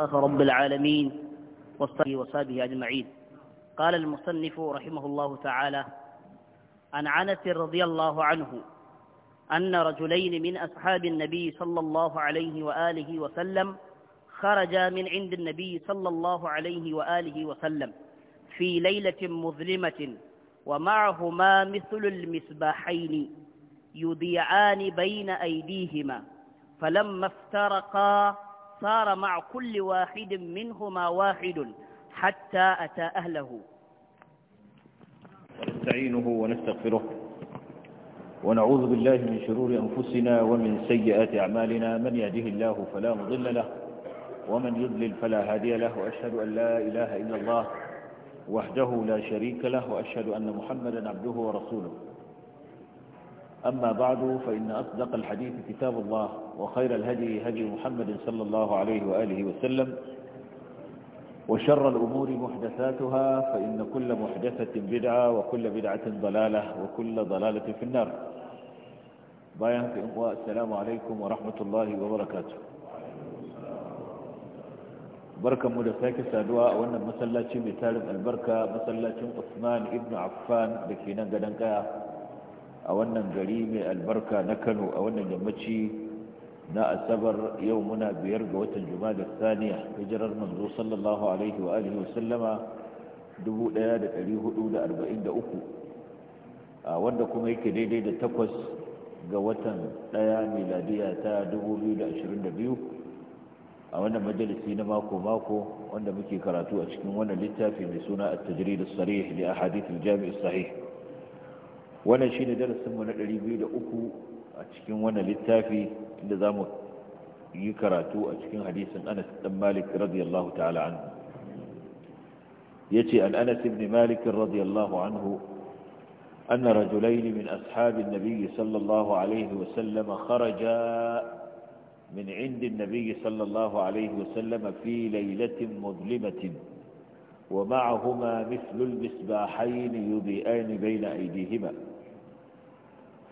رب العالمين والصلاة وصحبه أجمعين قال المصنف رحمه الله تعالى عن عنس رضي الله عنه أن رجلين من أصحاب النبي صلى الله عليه وآله وسلم خرجا من عند النبي صلى الله عليه وآله وسلم في ليلة مظلمة ومعهما مثل المسباحين يضيعان بين أيديهما فلما افترقا صار مع كل واحد منهما واحد حتى أتى أهله ونستعينه ونستغفره ونعوذ بالله من شرور أنفسنا ومن سيئات أعمالنا من يهده الله فلا مضل له ومن يضلل فلا هادي له وأشهد أن لا إله إلا الله وحده لا شريك له وأشهد أن محمدا عبده ورسوله أما بعد فإن أصدق الحديث كتاب الله وخير الهدي هدي محمد صلى الله عليه وآله وسلم وشر الأمور محدثاتها فإن كل محدثة بدعة وكل بدعة ضلالة وكل ضلالة في النار في أمواء السلام عليكم ورحمة الله وبركاته بركة مدفاك سادواء وأن مسلاتي مثال البركة مسلاة عثمان ابن عفان لكي ننقى ننقى a wannan gari mai albarka na na asabar yau muna biyar ga watan jumada saniya hijirar manzo sallallahu alaihi wa alihi wasallama 1443 wanda kuma yake daidai da takwas ga watan daya miladiya ta 2022 a wannan majalisi na mako-mako wanda muke karatu a cikin wannan littafi mai suna at-tajrid da sarih li a al-jami' Sahi? wannan shi ne darasinmu na 203 a cikin wannan littafi inda za mu yi karatu a cikin hadisin anas dan malik radiyallahu ta'ala anhu yace an anas ibn malik radiyallahu anhu أن رجلين من أصحاب النبي صلى الله عليه وسلم خرجا من عند النبي صلى الله عليه وسلم في ليلة مظلمة ومعهما مثل المسباحين يضيئان بين أيديهما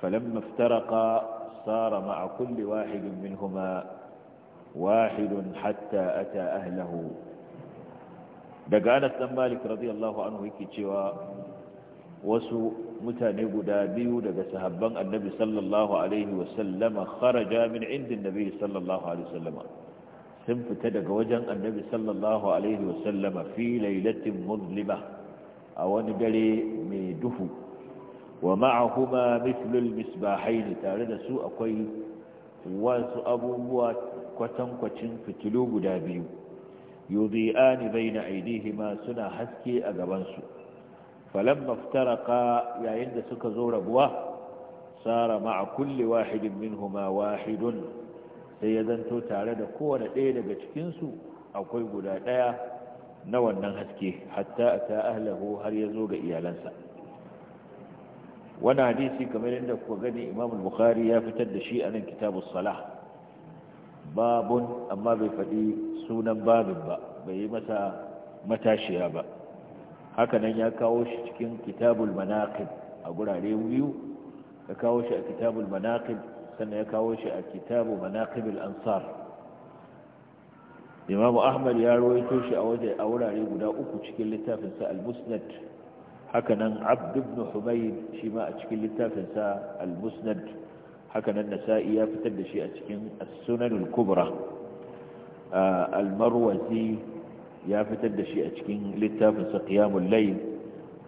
فلما افترقا صار مع كل واحد منهما واحد حتى أتى أهله دقان السمالك رضي الله عنه يكتشوا wasu mutane guda biyu daga sahaban annabi sallallahu alaihi wasallama kharaja min indin nabi sallallahu alaihi wasallama sun fita daga wajen annabi sallallahu alaihi wasallama fi lailatin muzlima a wani dare mai duhu wa ma'ahuma mithlul misbahaini tare da su akwai wasu abubuwa kwatankwacin fitilu guda biyu yudhi'ani baina aydihima suna haske a gaban su falamma iftaraka yayin da suka zo rabuwa sara ma'a kulli wahidin minhuma wahidun sai ya zanto tare da kowane ɗaya daga cikin su akwai guda ɗaya na wannan haske hatta ta ahlahu har ya zo ga iyalansa wani hadisi kamar yadda ku gani imam bukhari ya fitar da shi a nan kitabu salah babun amma bai faɗi sunan babin ba bai yi masa matashiya ba hakanan ya kawo shi cikin kitabul manaqib a gurare biyu ya kawo shi a kitabul manaqib sannan ya kawo shi a kitabu manaqib al-ansar imam ahmad ya rawaito shi a wurare guda uku cikin littafin sa al-musnad hakanan abd ibn humayd shi ma a cikin littafinsa al-musnad hakanan nasa'i ya fitar da shi a cikin sunan al-kubra al-marwazi ya fitar da shi a cikin littafinsa qiyamul layl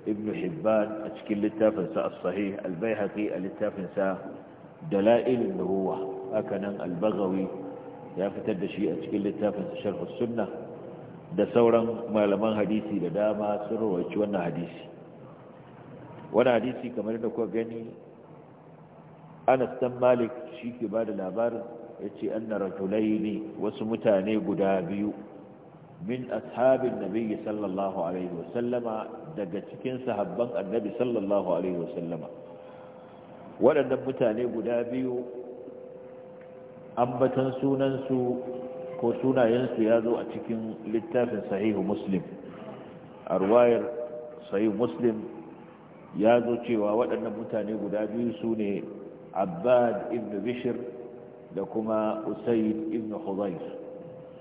ibn hibban a cikin littafinsa as-sahih al-baihaqi a littafinsa sa dalail an-nubuwa hakanan al-baghawi ya fitar da shi a cikin littafinsa sharh as-sunnah da sauran malaman hadisi da dama sun rawaci wannan hadisi wani hadisi kamar yadda kuka gani anas dan malik shi ke ba da labarin ya ce an ne wasu mutane guda biyu min ashabin nabiyyi sallallahu alaihi wasallama daga cikin sahabban annabi sallallahu alaihi wasallama waɗannan mutane guda biyu ambatan sunansu ko sunayensu ya zo a cikin littafin sahihu muslim a ruwayar sahihu muslim ya zo cewa waɗannan mutane guda biyu su ne abbad ibn bishir da kuma usaid ibn hudayr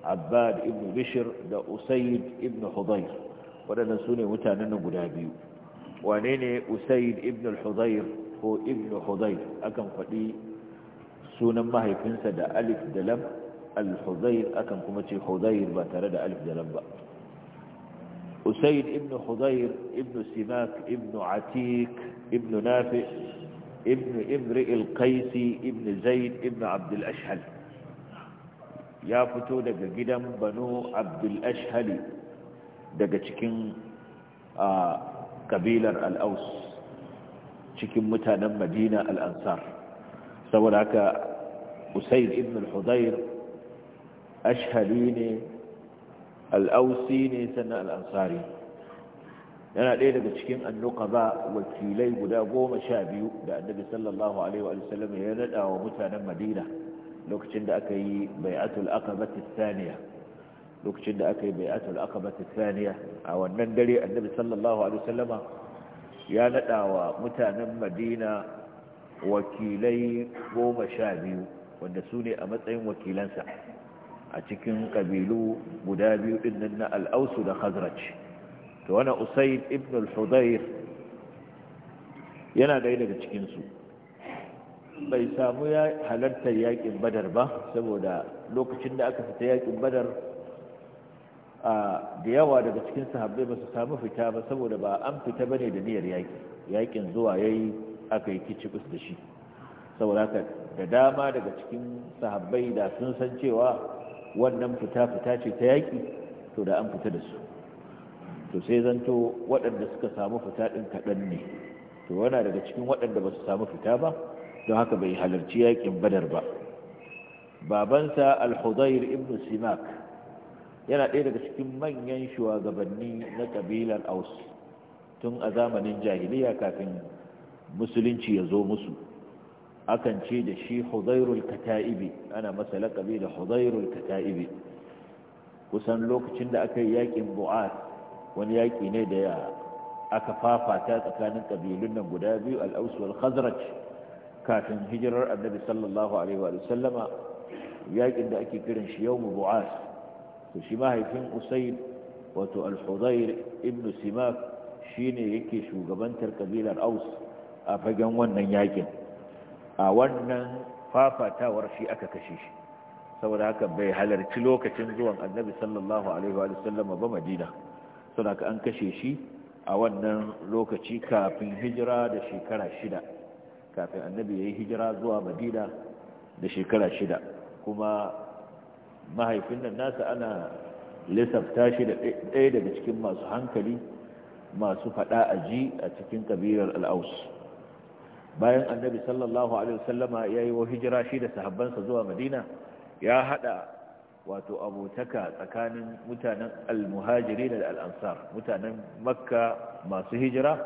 abbad ibn bishir da usaid ibn hudayr waɗannan su ne mutanen nan guda biyu wane ne usaid ibn hudayr ko ibn hudayr akan faɗi sunan mahaifinsa da alif da lam al-hudayr akan kuma ce hudayr ba tare da alif da lam ba أسيد ابن خضير ابن سماك ابن عتيك ابن نافع ابن امرئ القيسي ابن زيد ابن عبد الأشهل يا فتو دقا قدم بنو عبد الأشهل دقا تكين آه، قبيلة الأوس تكين متانا مدينة الأنصار سوى لك أسيد ابن الحضير أشهليني al'ausi ne sannan al'ansari yana ɗaya daga cikin annuka ba wakilai guda goma sha biyu da annabi sallallahu alaihi wa ya naɗa wa mutanen madina lokacin da aka yi bai'atul aqabati thaniya lokacin da aka yi bai'atul aqabati thaniya a wannan dare annabi sallallahu alaihi wa ya naɗa wa mutanen madina wakilai goma sha biyu wanda su ne a matsayin wakilansa a cikin ƙabilu guda biyu nan na al'ausu da khazraj to wani usaid ibn al-hudayr yana ɗaya daga cikinsu bai samu ya halartar yaƙin badar ba saboda lokacin da aka fita yakin badar a da yawa daga cikin sahabbai ba su samu fita ba saboda ba an fita ba ne da niyyar yaki yakin zuwa ya yi aka yi kicikus da shi saboda haka da dama daga cikin sahabbai da sun san cewa wannan fita fita ce ta yaƙi to da an fita da su to sai zanto waɗanda suka samu fita ɗin kaɗan ne to wana daga cikin waɗanda ba su samu fita ba don haka bai halarci yaƙin badar ba babansa al-hudayr ibn simak yana ɗaya daga cikin manyan shugabanni na ƙabilar aus tun a zamanin jahiliya kafin musulunci ya zo musu akan ce da shi huzairul kata'ibi ana masa laƙabi da huzairul kata'ibi kusan lokacin da aka yi yaƙin bu'ad wani yaƙi ne da ya aka fafata tsakanin ƙabilun nan guda biyu al'aus khazraj kafin hijirar annabi sallallahu alaihi wa sallama yaƙin da ake kiran shi yau bu'ad to shi mahaifin usayd wato al ibnu ibn simak shine yake shugabantar ƙabilar aus a fagen wannan yaƙin a wannan fafatawar shi aka kashe shi saboda haka bai halarci lokacin zuwan annabi sallallahu alaihi wa sallam ba madina saboda haka an kashe shi a wannan lokaci kafin hijira da shekara shida kafin annabi ya yi hijira zuwa madina da shekara shida kuma mahaifin nan nasa ana lissafta shi da ɗaya daga cikin masu hankali masu faɗa a ji a cikin ƙabilar al'aus bayan annabi sallallahu alaihi wasallama ya yi wa hijira shi da sahabbansa zuwa madina ya hada wato abotaka tsakanin mutanen almuhajiri da al-Ansar mutanen makka masu hijira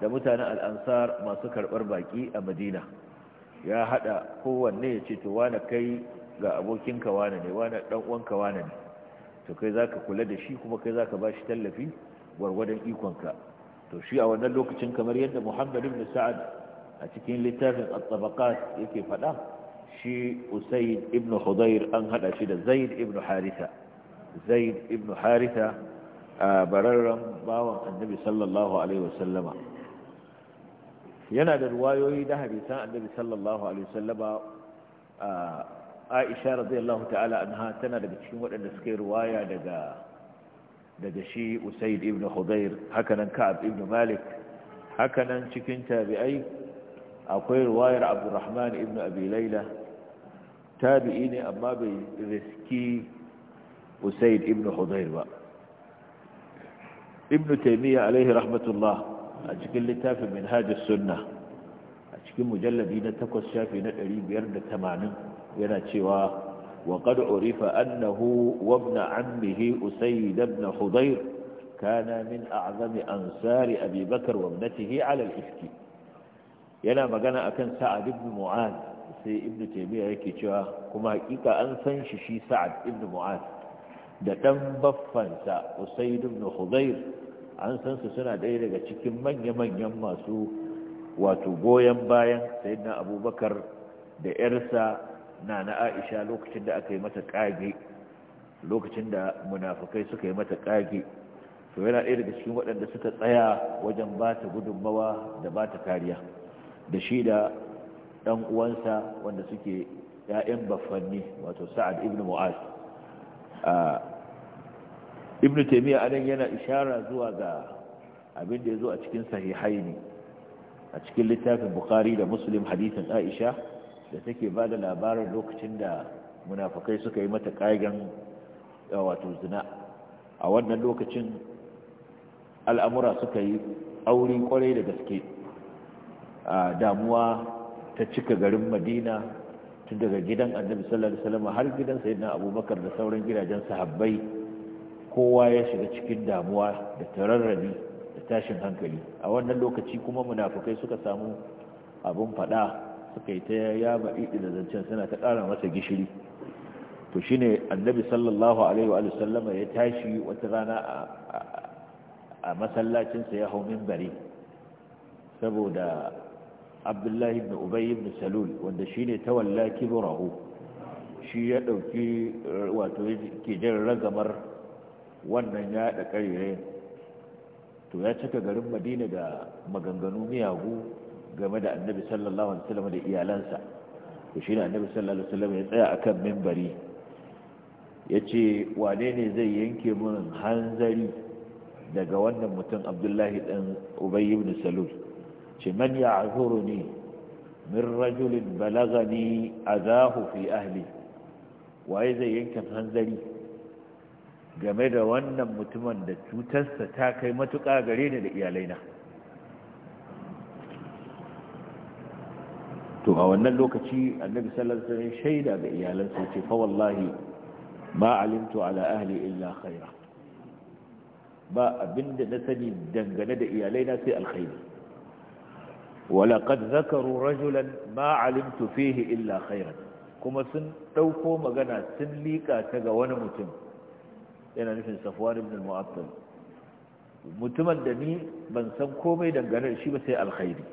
da mutanen al-Ansar masu karbar baki a madina ya hada kowanne ya ce to wane kai ga abokinka wane ne wane dan uwanka wane ne to kai zaka kula da shi kuma kai zaka bashi tallafi gwargwadon ikonka to shi a wannan lokacin kamar yadda Muhammad ibn Sa'ad a cikin littafin at yake faɗa shi usaid ibn hudayr an hada shi da zaid ibn haritha zaid ibn haritha bararren bawan annabi sallallahu alaihi wasallama yana da ruwayoyi da hadisan annabi sallallahu alaihi wasallama aisha radiyallahu ta'ala anha tana daga cikin waɗanda suke ruwaya daga daga shi usaid ibn hudayr hakanan ka'ab ibn malik hakanan cikin tabi'ai akwai ruwayar abdurrahman ibn abi laila tabi'i ne amma bai riski usaid ibn hudayr ba ibn taymiya alaihi rahmatullah a cikin littafin minhajus sunna a cikin mujalladi na takwas shafi na 580 yana cewa وقد عرف أنه وابن عمه أسيد بن حضير كان من أعظم أنصار أبي بكر وابنته على الإفك yana magana a kan sa'ad ibn mu'ad sai ibn taymiya yake cewa kuma hakika an san shi shi sa'ad ibn mu'ad da ɗan baffansa usayd ibn an san su suna ɗaya daga cikin manya-manyan masu wato goyon bayan sayyidina abubakar da yarsa na na aisha lokacin da aka yi mata kage lokacin da munafukai suka yi mata kage to yana ɗaya daga cikin waɗanda suka tsaya wajen ba ta gudunmawa da ba ta kariya da shi da ɗan uwansa wanda suke ‘ya'yan bafanni, wato sa'ad ibn mu'az ibn taimiyya anan yana ishara zuwa ga abin da ya zo a cikin sahihai ne a cikin littafin bukari da muslim hadisin aisha da take ba da labarin lokacin da munafukai suka yi mata ƙagen wato zina a wannan lokacin al'amura suka yi aure kwarai da gaske damuwa ta cika garin madina tun daga gidan annabi sallallahu alaihi wasallam har gidan sayyidina abubakar da sauran gidajen sahabbai kowa ya shiga cikin damuwa da tararrabi da tashin hankali a wannan lokaci kuma munafukai suka samu abun fada suka yi ta yaba idi da zancen suna ta kara masa gishiri to shine annabi sallallahu alaihi wa sallama ya tashi wata rana a masallacinsa ya hau minbari saboda abdullahi ibn ubayy ibn salul wanda shine tawalla kibrahu shi ya dauki wato ke jin ragamar wannan ya da karire to ya cika garin madina da maganganu miyagu game da annabi sallallahu alaihi wasallam da iyalansa to shine annabi sallallahu alaihi wasallam ya tsaya akan minbari yace wane ne zai yanke mun hanzari daga wannan mutum abdullahi dan ubayy ibn salul ce man ne min rajulin a zahu fi ahli waye zai yanke hanzari game da wannan mutumin da cutarsa ta kai matuƙa gare ni da iyalaina to a wannan lokaci annabi sallallahu alaihi wasallam shaida ga iyalansa ce fa wallahi ma alimtu ala ahli illa khaira ba abinda na sani dangane da iyalaina sai alkhairi ولقد ذكروا رجلا ما علمت فيه إلا خيرا كما سن دوكو مغانا سن ليكا ga wani متم yana nufin safwan ibn al-mu'attal mutumin da ni ban san komai dangane da shi ba sai alkhairi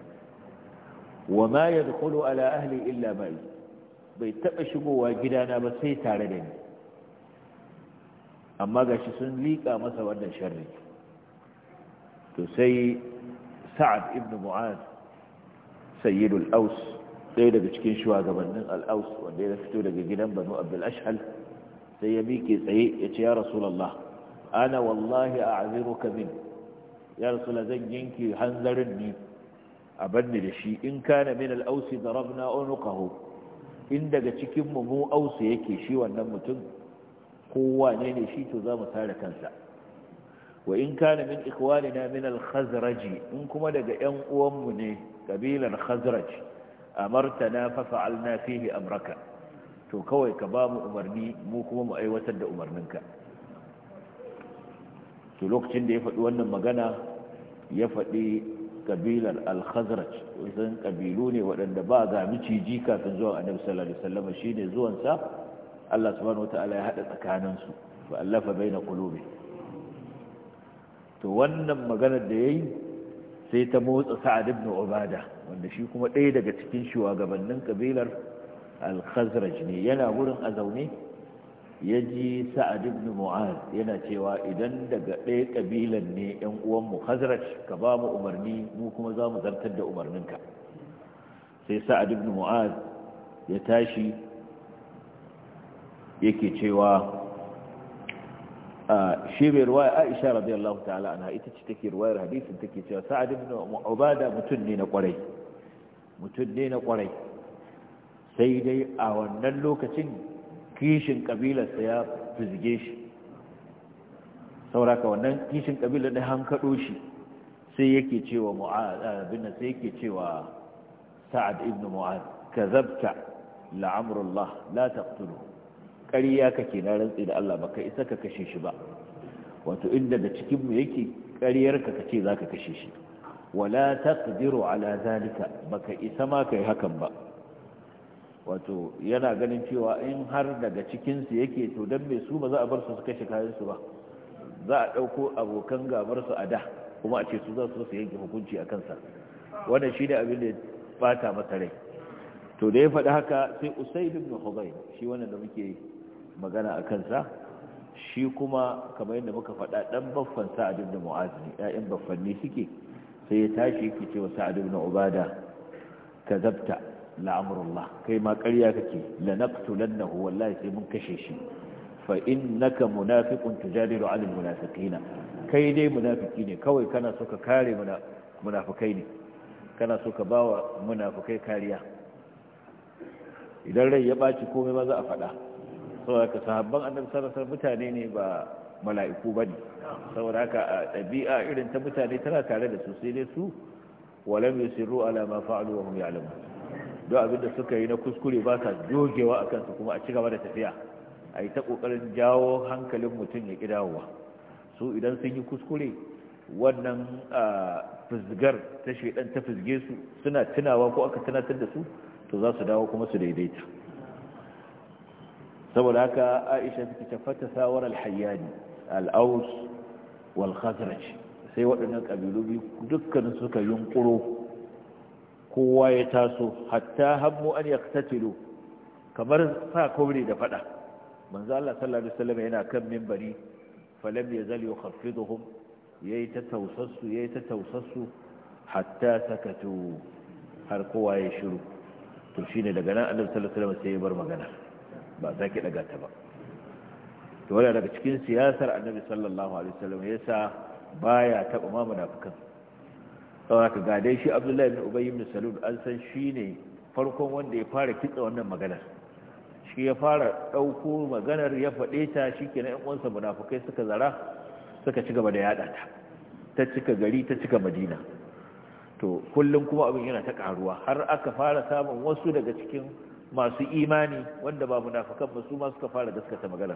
wa ma yadkhulu ala ahli illa bai bai taba shigowa gidana ba sai tare da ni amma gashi sun liƙa masa wannan sharri to sai sa'ad ibn mu'adh sayyidul aus ɗaya daga cikin shugabannin al'aus wanda ya fito daga gidan banu abdul ashhal sai ya miƙe tsaye ya ce ya rasulallah ana wallahi a aziruka min ya rasula zan yanke hanzarin ni a banni da shi in kana min al'ausi da rabna unuqahu in daga cikin mu ausu yake shi wannan mutum kowa ne ne shi to za mu tare kansa wa in kana min na min al-khazraji in kuma daga 'yan uwanmu ne kabilar khazraj amartana fa fa'alna fihi amraka to kawai ka ba mu umarni mu kuma mu aiwatar da umarninka to lokacin da ya faɗi wannan magana ya faɗi kabilar al-khazraj wajen kabilu ne waɗanda ba ga miciji kafin zuwa annabi sallallahu alaihi wasallam shine zuwan sa Allah subhanahu wataala ya hada tsakanin su fa allafa baina qulubi to wannan maganar da yayi sai ta motsa sa'ad ibn obada wanda shi kuma ɗaya daga cikin shugabannin kabilar al-khazraj ne yana wurin a zaune ya ji sa'ad ibn mu'az yana cewa idan daga ɗaya kabilan ne yan uwan mu khazraj ka ba mu umarni mu kuma za mu zartar da umarninka sai sa'ad ibn mu'az ya tashi yake cewa shi mai aisha radiyallahu ta'ala ana ita ce take ruwayar hadisin take cewa sa'ad ibn ubada mutun ne na kwarai mutun ne na kwarai sai dai a wannan lokacin kishin kabilarsa ya fizige shi sauraka wannan kishin kabilar da hankado shi sai yake cewa mu'az sai yake cewa sa'ad ibn mu'az kazabta la'amrullah la taqtuluhu ƙarya kake na rantsi da Allah ka isa ka kashe shi ba wato inda da cikinmu yake ƙaryar ka kace ka kashe shi wala taqdiru ala ba ka isa ma yi hakan ba wato yana ganin cewa in har daga cikinsu yake to dan me su ba za a bar su su kashe kayansu ba za a ɗauko abokan gabar su a da kuma a ce su za su su yanke hukunci a kansa wannan shine abin da bata masa rai to da ya faɗi haka sai usaid ibn hubayb shi wannan da muke magana a kansa shi kuma kamar yadda muka faɗa ɗan baffan sa'ad da mu'az ne ƴaƴan baffanni suke sai ya tashi yake cewa sa'ad ibn ubada kazabta la'amurullah kai ma ƙarya kake lanaqtulannahu wallahi sai mun kashe shi fa innaka munafiqun tujadilu 'ala almunafiqina kai dai munafiki ne kawai kana so ka kare munafikai ne kana so ka bawa munafikai kariya idan rai ya baci komai maza za a faɗa saboda ka sahabban annabi sallallahu mutane ne ba mala'iku ba ne saboda haka ɗabi'a irin ta mutane tana tare da su sai dai su walam yusirru ala ma fa'alu wa hum ya'lamun don abin da suka yi na kuskure ba sa jogewa akan su kuma a ci gaba da tafiya a yi ta kokarin jawo hankalin mutum ya kidawa su idan sun yi kuskure wannan fizgar ta shaidan ta fizge su suna tunawa ko aka tunatar da su to za su dawo kuma su daidaita saboda haka aisha suke tafata sawar alhayyani al'aus wal khazraj sai waɗannan ƙabilu biyu dukkanin suka yunƙuro kowa ya taso hatta hammu an ya tatilu kamar sa kore da faɗa manzo Allah sallallahu alaihi wasallam yana kan minbari falam yazal yukhaffiduhum yayi ta tausassu yayi ta tausassu hatta sakatu har kowa ya shiru to shine daga nan annabi sallallahu alaihi wasallam sai ya bar magana ba za ki daga ta ba to wanda daga cikin siyasar annabi sallallahu alaihi wasallam yasa baya taba ma munafikan saboda ka gade shi Abdullahi bin ubayy bin Salul an san shi ne farkon wanda ya fara kitsa wannan magana shi ya fara dauko maganar ya fade ta shikenan ɗan uwansa munafikai suka zara suka ci gaba da yada ta ta cika gari ta cika madina to kullum kuma abin yana ta karuwa har aka fara samun wasu daga cikin masu imani wanda ba munafikan ba su ma suka fara gaskata magana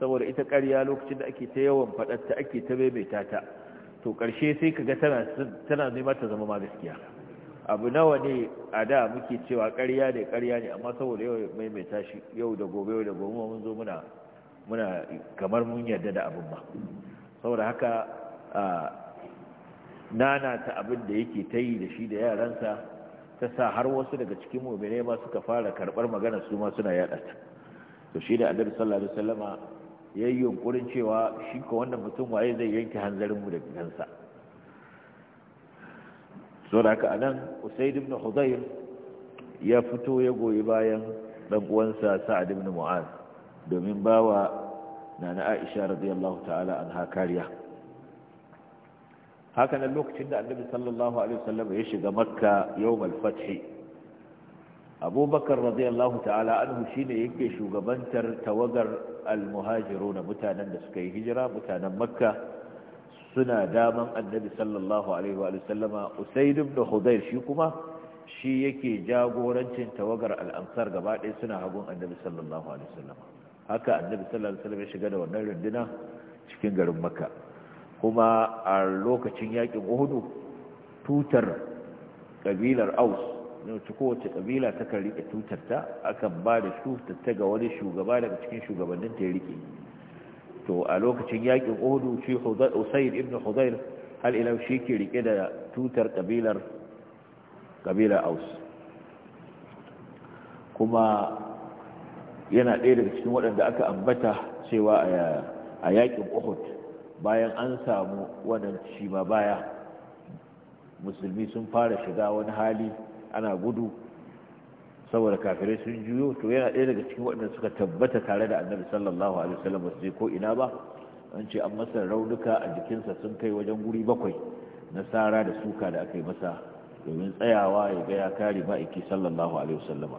saboda ita ƙarya lokacin da ake ta yawan faɗarta ake ta maimaita ta to ƙarshe sai ka ga tana nema ta zama ma gaskiya abu nawa ne a da muke cewa ƙarya ne ƙarya ne amma saboda yau maimaita shi yau da gobe yau da gobe mun zo muna muna kamar mun yarda da abin ba saboda haka nana ta abin da yake ta yi da shi da yaransa ta sa har wasu daga cikin mu'minai ba suka fara karbar magana su ma suna yada ta to shi da annabi sallallahu alaihi wasallama yayi yunkurin cewa shi ko wannan mutum waye zai yanke hanzarin mu da so da haka anan usaid ibn hudayr ya fito ya goyi bayan dan uwansa sa'ad ibn mu'az domin bawa nana aisha radiyallahu ta'ala anha kariya haka nan lokacin da annabi sallallahu alaihi wasallam ya shiga makka yau fathi abubakar radiyallahu ta'ala anhu shine yake shugabantar tawagar almuhajirun mutanen da suka yi hijira mutanen makka suna daman annabi sallallahu alaihi wa sallama ibn hudayr shi kuma shi yake jagorancin tawagar al'ansar gaba ɗaya suna hagun annabi sallallahu alaihi wa sallama haka annabi sallallahu alaihi wa sallam ya shiga da wannan runduna cikin garin makka kuma a lokacin yakin uhudu tutar kabilar aus ta kowace kabila ta kan rike tutarta akan ba da tutarta ga wani shugaba daga cikin shugabannin ta ya rike to a lokacin yakin uhudu shi usaid ibn hudair hal ila shi ke rike da tutar kabilar kabilar aus kuma yana ɗaya daga cikin waɗanda aka ambata cewa a yakin uhud bayan an samu wannan shi baya musulmi sun fara shiga wani hali ana gudu saboda kafirai sun juyo to yana ɗaya daga cikin waɗanda suka tabbata tare da annabi sallallahu alaihi wasallam su ko ina ba an ce an masa raunuka a jikinsa sun kai wajen guri bakwai na sara da suka da aka yi masa domin tsayawa ya ga ya kare ma'aiki sallallahu alaihi wasallama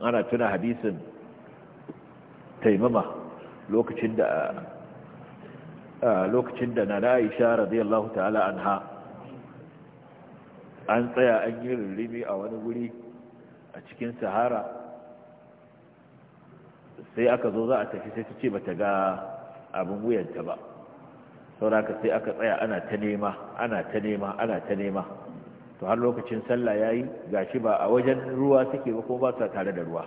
ana tuna hadisin taimama lokacin da lokacin da na Aisha radiyallahu ta'ala anha an tsaya an yi rirrimi a wani wuri a cikin sahara sai aka zo za a tafi sai ta ce bata ga abin wuyanta ba sauraka sai aka tsaya ana ta nema ana ta nema ana ta nema to har lokacin sallah ya yi ga shi ba a wajen ruwa suke ba kuma ba su tare da ruwa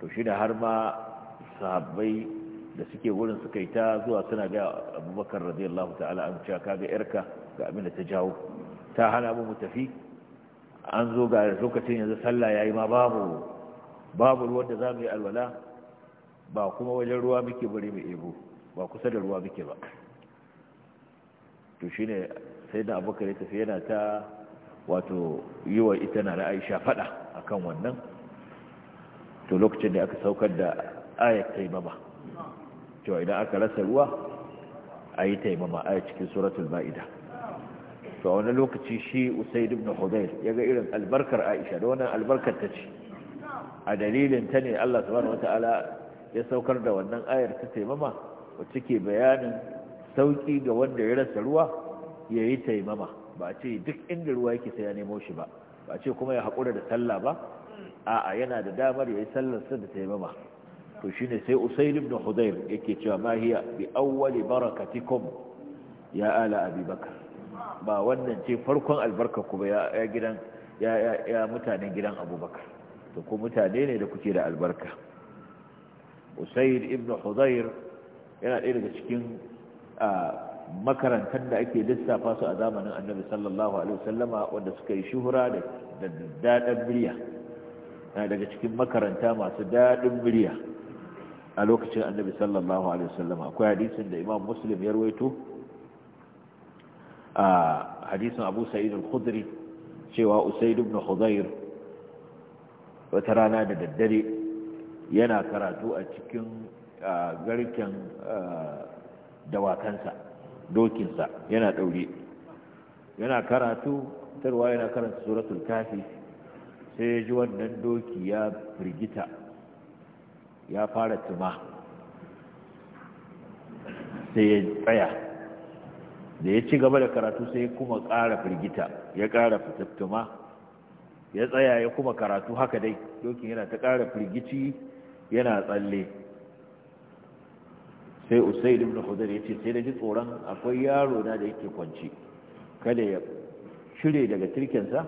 to shi da har ma sahabbai da suke wurin suka yi ta zuwa suna ga abubakar radiyallahu ta'ala an cewa ga yarka ga abin ta jawo ta hana mu tafi an zo ga lokacin yanzu sallah yayi ma babu babu ruwan da zamu yi alwala ba kuma wajen ruwa muke bari mu ebo ba kusa da ruwa muke ba to shine sai da abubakar ya tafi yana ta wato yi wa ita na Aisha fada akan wannan to lokacin da aka saukar da ayat ba. cewa idan aka rasa ruwa a yi taimama a cikin suratul ma'ida to wani lokaci shi usaid ibn hudayr ya ga irin albarkar aisha da wannan albarkar ta ce a dalilin ta ne Allah subhanahu ta'ala ya saukar da wannan ayar ta taimama wacce ke bayanin sauki ga wanda ya rasa ruwa ya yi taimama ba ce duk inda ruwa yake sai ya nemo shi ba ba ce kuma ya haƙura da sallah ba a'a yana da damar ya yi sallar sallarsa da taimama to shine sai Usain ibn hudayr yake cewa ma hiya bi awwali barakatikum ya ala abubakar ba wannan ce farkon albarka ku ba ya gidan ya ya mutanen gidan abubakar to ku mutane ne da kuke da albarka Usain ibn hudayr yana ɗaya daga cikin makarantar da ake lissafa su a zamanin annabi sallallahu alaihi wasallama wanda suka yi shuhura da daɗin murya na daga cikin makaranta masu daɗin murya a lokacin annabi sallallahu alaihi wasallam akwai hadisin da imam muslim ya rawaito a hadisin abu sa'id al-khudri cewa usaid ibn khudair wata rana da daddare yana karatu a cikin garken dawakansa dokinsa yana daure yana karatu tarwa yana karanta suratul kafi sai ya ji wannan doki ya firgita ya fara tuma sai ya tsaya da ya ci gaba da karatu sai ya kuma ƙara firgita ya ƙara fitattuma ya tsaya ya kuma karatu haka dai dokin yana ta ƙara firgici yana tsalle sai usaid ibn hudar ya ce sai da ji tsoron akwai yaro na da yake kwanci kada ya shirye daga turkensa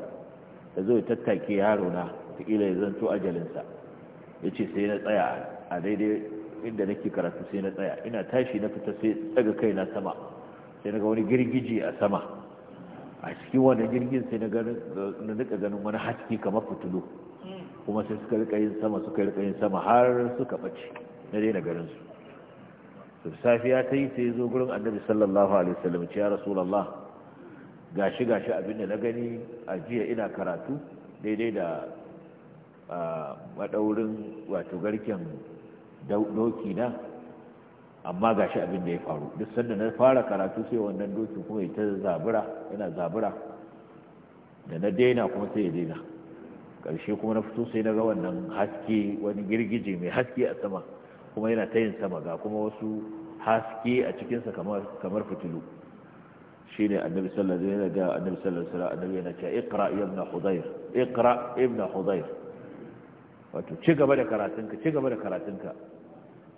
da zo ya tattake yaro na ta ya zanto ajalinsa ya ce sai na tsaya a daidai inda nake karatu sai na tsaya ina tashi na fita sai tsaga kai na sama sai na ga wani girgiji a sama a cikin wani girgin sai na rika ganin wani haski kamar fitilu kuma sai suka rika yin sama suka rika yin sama har suka bace na daina ganin su to safiya ta yi sai zo gurin annabi sallallahu alaihi wasallam ya rasulullah gashi gashi da na gani a jiya ina karatu daidai da maɗaurin wato garken doki na amma ga shi abin da ya faru duk sanda na fara karatu sai wannan dokin kuma ita zabura yana zabura da na daina kuma sai ya daina ƙarshe kuma na fito sai na ga wannan haske wani girgije mai haske a sama kuma yana ta yin sama ga kuma wasu haske a cikinsa kamar fitilu shi ne annabi sallallahu alaihi wasallam annabi sallallahu alaihi wasallam annabi yana cewa iqra ibn hudayr iqra ibn hudayr wato ci gaba da karatunka ci gaba da karatunka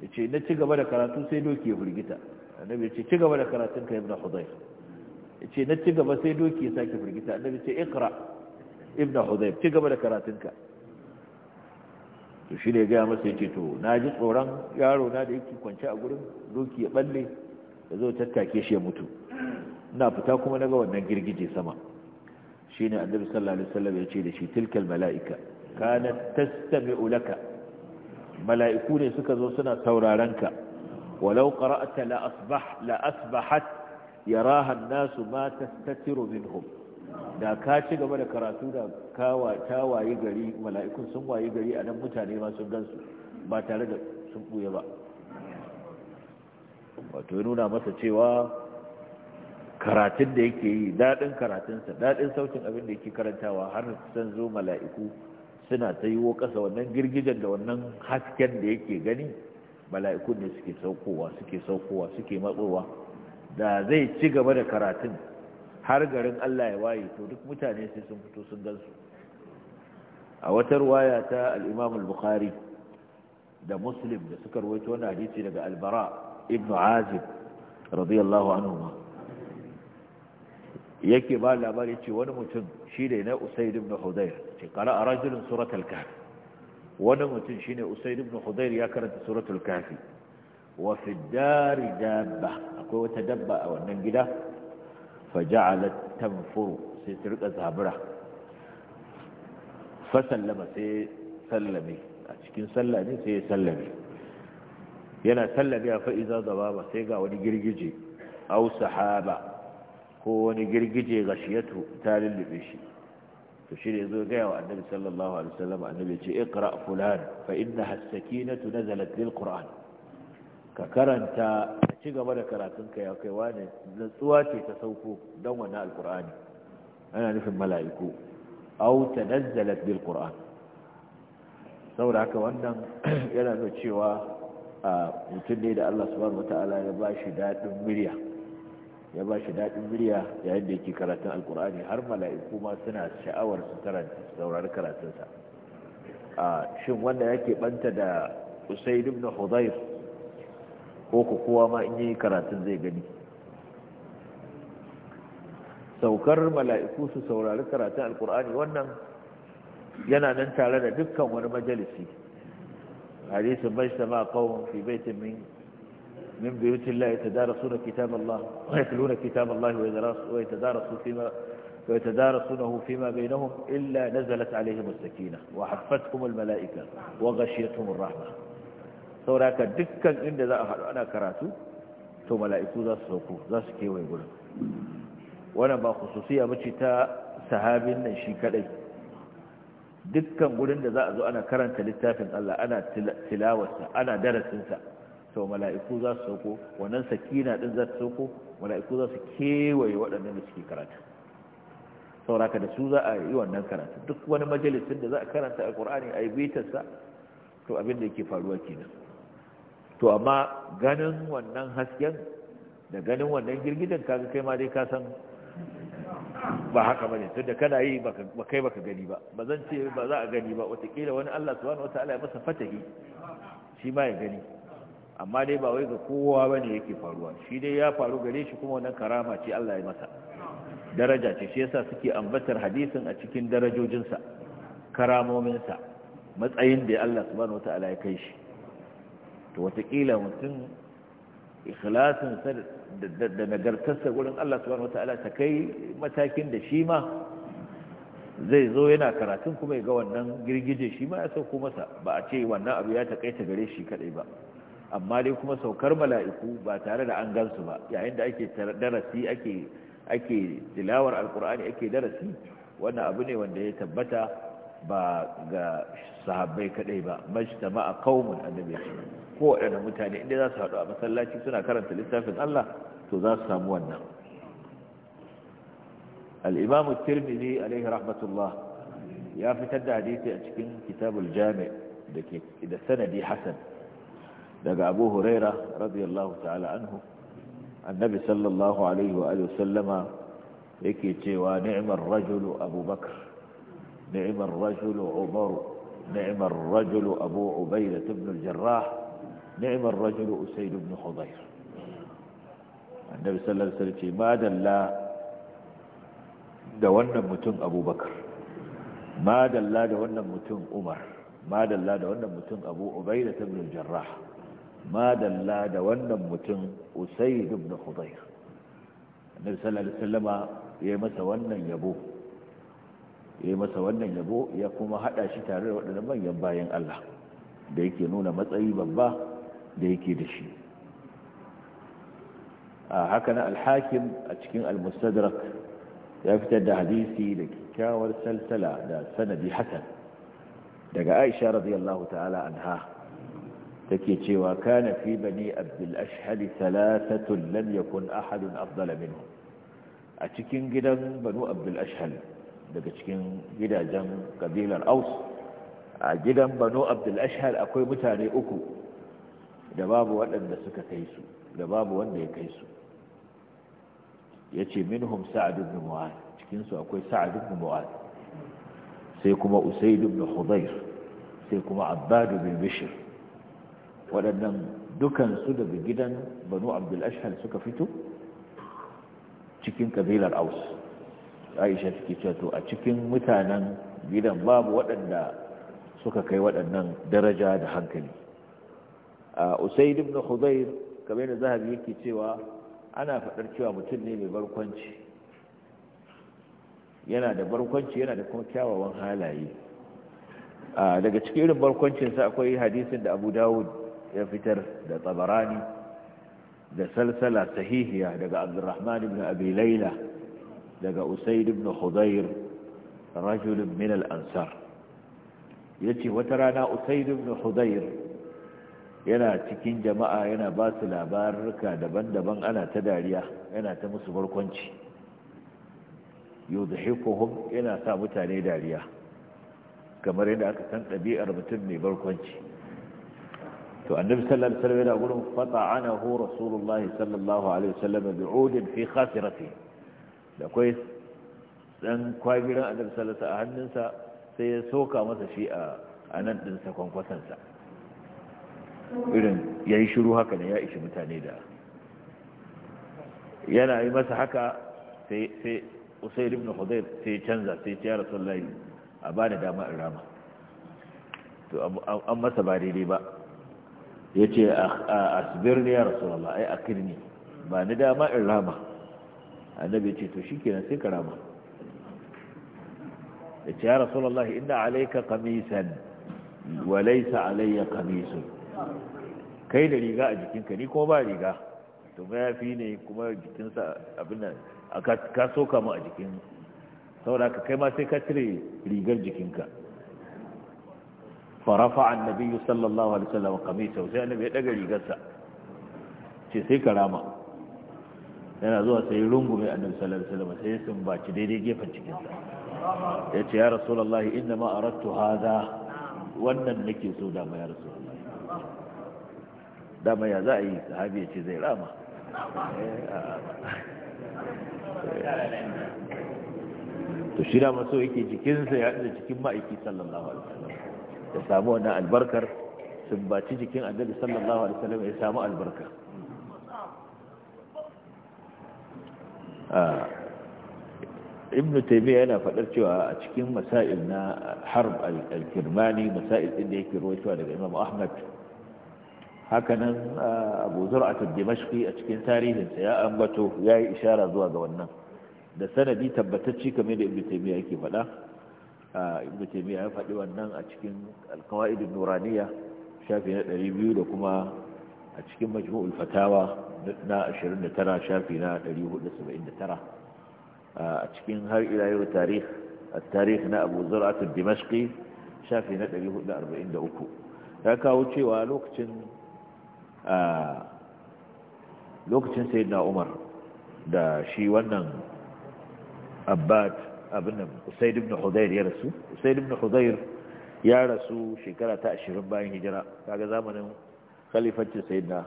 ya ce na ci gaba da karatun sai doki ya firgita annabi ya ce ci gaba da karatunka ibn hudayr ya ce na ci gaba sai doki ya sake firgita annabi ya ce ikra ibn hudayr ci gaba da karatunka to shi ne gaya masa ya ce to na ji tsoron yaro na da yake kwance a gurin doki ya balle ya zo tattake shi ya mutu ina fita kuma na ga wannan girgije sama shine annabi sallallahu alaihi wasallam ya ce da shi tilkal mala'ika kanat tastami'u laka mala'iku ne suka zo suna sauraron ka walau qara'ta la asbah la asbahat yaraha an-nas ma tastatiru minhum da ka ci gaba da karatu da kawa ta waye gari mala'ikun sun waye gari a nan mutane ma sun gansu ba tare da sun buye ba wato ya nuna masa cewa karatun da yake yi daɗin karatunsa daɗin sautin abin da yake karantawa har san zo mala'iku suna ta yiwo ƙasa wannan girgijen da wannan hasken da yake gani mala'ikun ne suke saukowa suke saukowa suke matsowa da zai ci gaba da karatun har garin Allah ya waye to duk mutane sai sun fito sun gansu a wata ruwaya ta al-Imam al-Bukhari da Muslim da suka rawaito wannan hadisi daga Al-Bara ibn Azib radiyallahu anhu yake ba labari ce wani mutum shi ne na usaid ibn hudayr ce kara a rajulun suratul kahfi wani mutum shi ne usaid ibn hudayr ya karanta suratul kafi wa fi dari dabba akwai wata dabba a wannan gida fa ja'alat tanfuru sai ta rika zabura fa sallama sai sallame a cikin sallah ne sai ya sallame yana sallame fa iza zababa sai ga wani girgije aw sahaba ko wani girgije ga shiyatu ta lullube shi to shi ne zo gaya wa annabi sallallahu alaihi wasallam annabi ce iqra fulan fa inna nazalat lil qur'an ka karanta ka ci gaba da karatun ka ya kai wani natsuwa ce ta sauko dan wannan alqur'ani ana nufin mala'iku aw tanazzalat bil qur'an saboda haka wannan yana nuna cewa mutum ne da Allah subhanahu wataala ya bashi dadin murya ya ba shi daɗin murya yayin da yake karatun alkur'ani har mala'iku ma suna sha'awar su karanta saurari karatunsa a shin wanda yake banta da usaid ibn hudayr ko ku kowa ma in yi karatun zai gani saukar mala'iku su saurari karatun alkur'ani wannan yana nan tare da dukkan wani majalisi hadisin bai sama kawon fi baitin min من بيوت الله يتدارسون كتاب الله ويتلون كتاب الله ويتدارسون فيما ويتدارسونه فيما بينهم إلا نزلت عليهم السكينة وحفتهم الملائكة وغشيتهم الرحمة sauraka dukkan inda za a haɗu ana karatu to mala'iku za su sauko za su kewaye gudun wannan ba khususiya mace ta sahabin nan shi kadai dukkan gurin da za a zo ana karanta littafin Allah ana tilawarsa ana darasinsa to mala'iku za su sauko wannan sakina ɗin za ta sauko mala'iku za su kewaye waɗannan da suke karatu sauraka da su za a yi wannan karatu duk wani majalisin da za a karanta alkur'ani a yi bitarsa to abin da yake faruwa kenan to amma ganin wannan hasken da ganin wannan girgidan kaga kai ma dai ka san ba haka bane to da kana yi ba kai baka gani ba ba zan ce ba za a gani ba wataƙila wani Allah subhanahu wataala ya masa fatahi shi ma ya gani amma dai ba wai ga kowa ba ne yake faruwa shi dai ya faru gare shi kuma wannan karama ce Allah ya masa daraja ce shi yasa suke ambatar hadisin a cikin darajojinsa karamominsa matsayin da Allah subhanahu wata'ala ya kai shi to watakila mutum ikhlasin da nagartarsa gurin Allah subhanahu wata'ala ta kai matakin da shi ma zai zo yana karatun kuma ya ga wannan girgije shi ma ya sauko masa ba a ce wannan abu ya ta taƙaita gare shi kaɗai ba amma dai kuma saukar mala'iku ba tare da an gansu ba yayin da ake darasi ake ake tilawar alkur'ani ake darasi wannan abu ne wanda ya tabbata ba ga sahabbai kadai ba majtama a qaumun annabi ko wadanda mutane inda za su haɗu a masallaci suna karanta littafin Allah to za su samu wannan al-imam at-tirmidhi alayhi rahmatullah ya fitar da hadisi a cikin kitabul jami' da ke da sanadi hasan لقى أبو هريرة رضي الله تعالى عنه النبي صلى الله عليه وآله وسلم يكيتي ونعم الرجل أبو بكر نعم الرجل عمر نعم الرجل أبو عبيدة بن الجراح نعم الرجل أسيد بن خضير النبي صلى الله عليه وسلم يكيتي ماذا لا دون متن أبو بكر ماذا لا دون متن عمر ماذا لا دون متن أبو عبيدة بن الجراح madalla da wannan mutum usaid ibn khudayr annabi sallallahu alaihi wasallama yayi masa wannan yabo masa wannan yabo ya kuma hada shi tare da waɗannan manyan bayan Allah da yake nuna matsayi babba da yake da shi a haka na alhakim a cikin almustadrak ya fitar da hadisi da kyakkyawar salsala da sanadi hasan daga aisha radiyallahu ta'ala anha take cewa kana fi bani abdul ashhad thalathatun lam yakun ahadun afdala minhum a cikin gidan banu abdul ashhad daga cikin gidajen kabilar aus a gidan banu abdul ashhad akwai mutane uku da babu suka kai su da babu wanda ya kai su yace minhum sa'ad ibn mu'adh cikin su akwai sa'ad ibn mu'adh sai kuma usayd ibn hudayr sai kuma abbad ibn bishr waɗannan dukansu daga gidan banu abdulashhal suka fito cikin kabilar aus aisha take cewa a cikin mutanen gidan babu waɗanda suka kai waɗannan daraja da hankali usaid ibn hudayr kamar da zahabi yake cewa ana faɗar cewa mutum ne mai barkwanci yana da barkwanci yana da kuma kyawawan halaye daga cikin irin barkwancinsa akwai hadisin da abu dawud ya fitar da tsabarani da salsala sahihiya daga abdurrahman ibn abi laila daga usaid ibn hudayr rajul min al-ansar yace wata rana usaid ibn hudayr yana cikin jama'a yana ba su labarurka daban-daban ana ta dariya yana ta musu barkwanci yudhikuhum yana sa mutane dariya kamar yadda aka san ɗabi'ar mutum mai barkwanci to annabi sallallahu alaihi wasallam yana gurin fata'anahu rasulullahi sallallahu alaihi wasallam bi'udin fi khasirati da kai dan kwagiran annabi sallallahu alaihi wasallam a hannunsa sai ya soka masa shi a anan din sa kwankwasan sa irin yayi shiru haka ne ya ishi mutane da yana yi masa haka sai sai Usayd ibn Hudayr sai canza sai ya rasulullahi a bada dama in rama to an masa ba daidai ba ya ce a asbirni ya rasu Allah ai akirni ba ni dama in rama annabi ce to shikenan sai ka rama ya ce ya rasu Allah ina alaika kamisan wa laisa alayya kamisun kai da riga a jikinka ni ko ba riga to mayafi ne kuma jikinsa abin nan ka soka mu a jikin saboda ka kai ma sai ka cire rigar jikinka farafa annabi sallallahu alaihi wasallam kamisa sai annabi ya daga rigarsa ce sai karama yana zuwa sai rungume annabi sallallahu alaihi wasallam sai sun baci daidai gefen cikin sa ya ce ya rasulullahi inna ma aradtu wannan nake so da ya rasulullahi dama ya za a yi sahabi ya ce zai rama eh, to shi da maso yake jikinsa ya cikin ma'aiki sallallahu alaihi wasallam ya samu wannan albarkar sumbaci jikin annabi sallallahu alaihi wasallam ya samu albarka ah, ibn taymiya yana faɗar cewa a cikin masail na harb al-kirmani masail din da yake rawaitowa daga imam ahmad hakanan ah, abu zur'at ad-dimashqi a cikin tarihin sa ya ambato yayi ishara zuwa ga wannan da sanadi tabbatacci kamar da ibn taymiya yake faɗa ibn taymiya ya faɗi wannan a cikin alqawaid nuraniya shafi na 200 da kuma a cikin majmu'ul fatawa na 29 shafi na 479 a cikin har ila yau tarikh at-tarikh na Abu Zur'at ad-Dimashqi shafi na 443 ya kawo cewa lokacin a lokacin sayyidina Umar da shi wannan Abbad abin nan usaid ibn hudayr ya rasu usaid ibn hudayr ya rasu shekara ta 20 bayan hijira kaga zamanin khalifancin sayyidina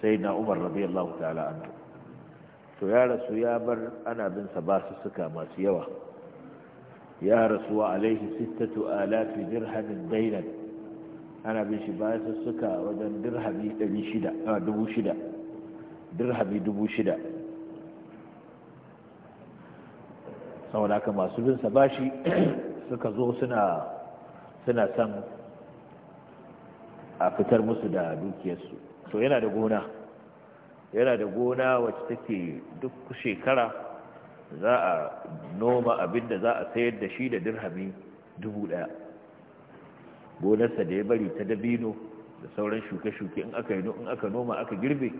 sayyidina umar radiyallahu ta'ala anhu to ya rasu ya bar ana bin sa suka masu yawa ya rasu wa alaihi sittatu alafi dirhamin dainan ana bin shi basu suka wajen dirhami 600 dirhami 600 saboda haka masu bin sa bashi suka zo suna suna san a fitar musu da dukiyarsu to yana da gona yana da gona wacce take duk shekara za a noma abin da za a sayar da shi da dirhami dubu daya gonarsa da ya bari ta dabino da sauran shuke-shuke in aka noma aka girbe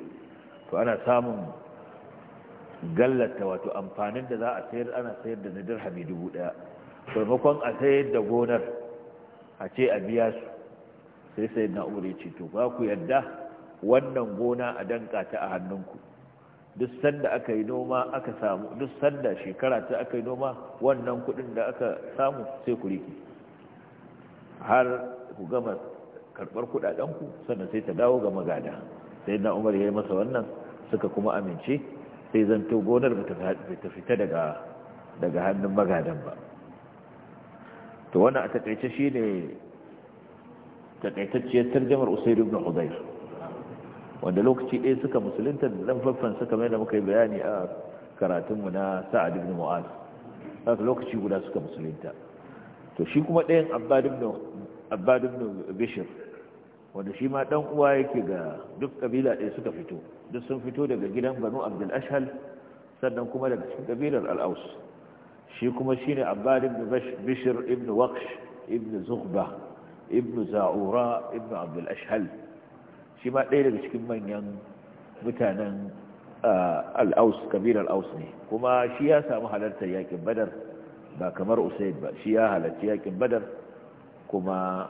to ana samun gallata wato amfanin da za a sayar ana sayar da na dirhami dubu ɗaya maimakon a sayar da gonar a ce a biya su sai sayar na umar ce to ba ku yarda wannan gona a danka ta a hannunku duk sanda aka yi noma aka samu duk sanda shekara ta aka yi noma wannan kudin da aka samu sai ku riki har ku gama karbar kudadenku sannan sai ta dawo ga magada sai na umar ya yi masa wannan suka kuma amince sai zanto gonar ba ta fita daga hannun magadan ba to wani a takaice shi ne takaitacciyar tarjamar usair ibn hudayr wanda lokaci ɗaya suka musulunta da ɗan faffan suka mai da muka yi bayani a karatunmu na sa'ad ibn mu'az haka lokaci guda suka musulunta to shi kuma ɗayan abba ibn bishir wanda shi ma ɗan uwa yake ga duk ƙabila ɗaya suka fito duk sun fito daga gidan banu abdul ashal sannan kuma daga cikin ƙabilar al'aus shi kuma shi ne abbad ibn bishir ibn waqsh ibn zuhba ibn za'ura ibn abdul ashal shi ma ɗaya daga cikin manyan mutanen al'aus ƙabilar al'aus ne kuma shi ya samu halartar yakin badar ba kamar usaid ba shi ya halarci yakin badar kuma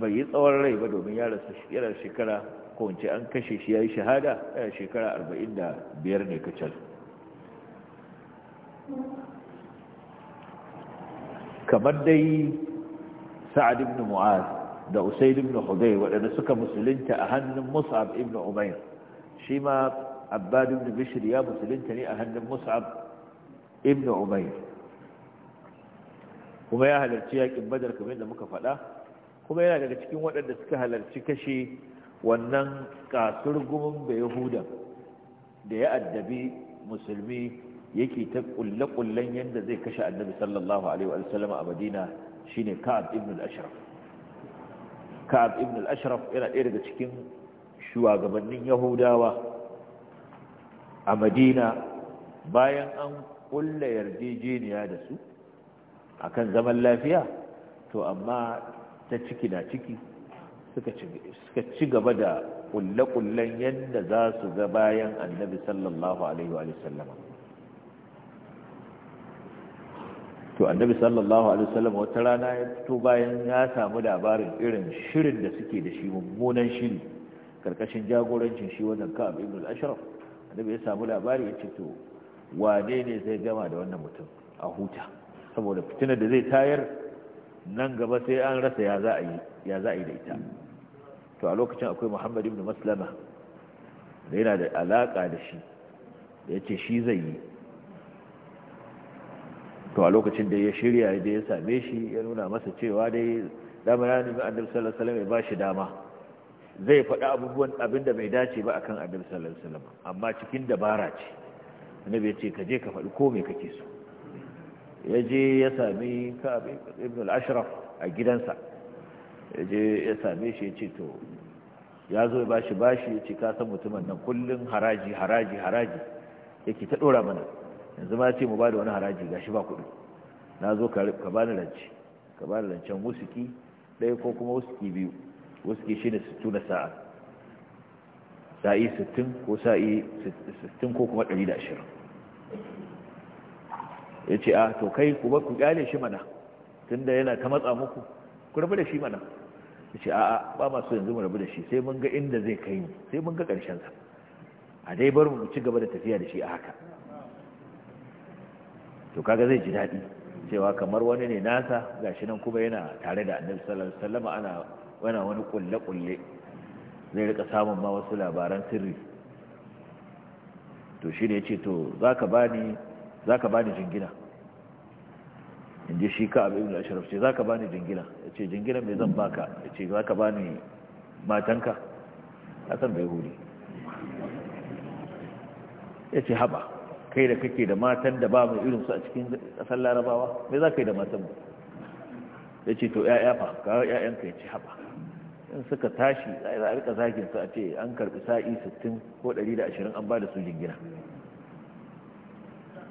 bai yi tsawon rai ba domin ya rasu shirar shekara ko wance an kashe shi ya yi shahada a shekara 45 ne kacal kamar dai sa'ad ibn mu'az da usaid ibn hudayr waɗanda suka musulunta a hannun mus'ab ibn umair shi ma abbad ibn bishr ya musulunta ne a hannun mus'ab ibn umair kuma ya halarci yakin badar kamar yadda muka faɗa kuma yana daga cikin waɗanda suka halarci kashe wannan kasurgumin da yahuda da ya addabi musulmi yake ta ƙulle-ƙullen yadda zai kashe annabi sallallahu alaihi wa sallam a madina shine ka'ab ibn al-ashraf ka'ab ibn al-ashraf yana ɗaya daga cikin shugabannin yahudawa a madina bayan an kulle yarjejeniya da su akan zaman lafiya to amma ta ciki na ciki suka ci gaba da kulle-kullen yadda za su ga bayan annabi sallallahu alaihi wa to annabi sallallahu alaihi wa wata rana ya fito bayan ya samu labarin irin shirin da suke da shi mummunan shiri karkashin jagorancin shi wannan ka'ab ibn al-ashraf annabi ya samu labari ya ce to wane ne zai gama da wannan mutum a huta saboda fitinar da zai tayar nan gaba sai an rasa ya za a yi da ita to a lokacin akwai Muhammadu ibn maslama da yana da alaka da shi da ya ce shi zai yi to a lokacin da ya shirya da ya same shi ya nuna masa cewa dai dama ya nemi annabi salasalama ya ba shi dama zai faɗa abubuwan abinda bai dace ba akan kan sallallahu salasalama amma cikin dabara ce annabi ya ce ka je ka faɗi ko mai kake so ya je ya sami ka'ab ibn al-ashraf a gidansa ya je ya same shi ya ce to ya zo ya bashi bashi ya ce ka san mutumin nan kullum haraji haraji haraji yake ta dora mana yanzu ma ce mu ba da wani haraji gashi ba kudu na zo ka bani rance ka bani rancen wusiki ɗaya ko kuma wusiki biyu shi shine sittu na sa'a sa'i sittin ko sa'i sittin ko kuma ɗari da ashirin ya ce a to kai ku ba ku kyale shi mana tunda yana ta matsa muku ku rabu da shi mana ya ce a'a ba masu yanzu mu rabu da shi sai mun ga inda zai kai mu sai mun ga karshen sa a dai bar mu ci gaba da tafiya da shi a haka to kaga zai ji daɗi cewa kamar wani ne nasa gashi nan kuma yana tare da annabi sallallahu alaihi wasallam ana wani wani kulle kulle zai rika samun ma wasu labaran sirri to shi ne ya ce to zaka bani za ka bani jingina in ji shi ka abu ibn ashraf ce za ka bani jingina ya ce jingina mai zan baka ya ce za ka bani matanka a san bai huri ya ce haba kai da kake da matan da ba mai irinsu a cikin ƙasar larabawa mai za ka yi da matan mu ya ce to ya'ya fa kawai ya'yanka ya ce haba in suka tashi za a rika zagin su a ce an karbi sa'i 60 ko 120 an ba da su jingina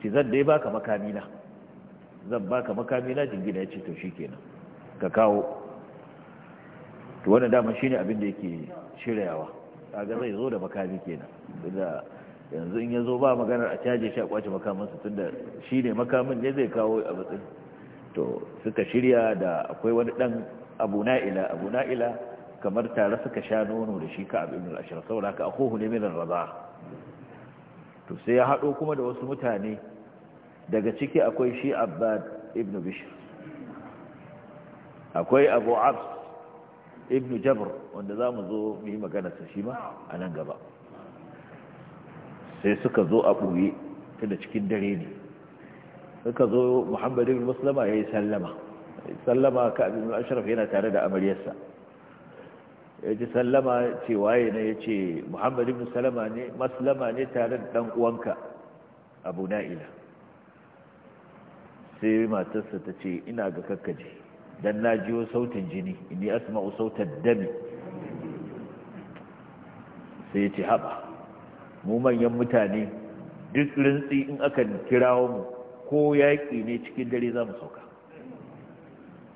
ce zan dai baka makamina zan baka makamina jingina ya ce to shi kenan ka kawo to wannan dama shi ne abin da yake shiryawa kaga zai zo da makami kenan da yanzu in ya zo ba maganar a caje shi a kwace su tunda shi ne makamin ne zai kawo a matsayin to suka shirya da akwai wani dan abu na'ila abu na'ila kamar tare suka sha nono da shi ka abin al'ashir saboda haka akohu ne minan raza to sai ya haɗo kuma da wasu mutane daga ciki akwai shi abbad ibn bishr akwai abu abs ibn jabr wanda za mu zo mu yi maganarsa shi ma a nan gaba sai suka zo a ɓoye tunda cikin dare ne suka zo muhammad ibn musulama ya yi sallama sallama ka abin sharaf yana tare da amaryarsa ya ji sallama ce waye ne ya ce muhammad ibn salama maslama ne tare da ɗan uwanka abu na'ila sai matarsa ta ce ina ga kakkaji don na jiwo sautin jini ya asma'u sautar dami sai ya ce haɓa mu manyan mutane duk rintsi in aka kirawo mu ko yaƙi ne cikin dare za mu sauka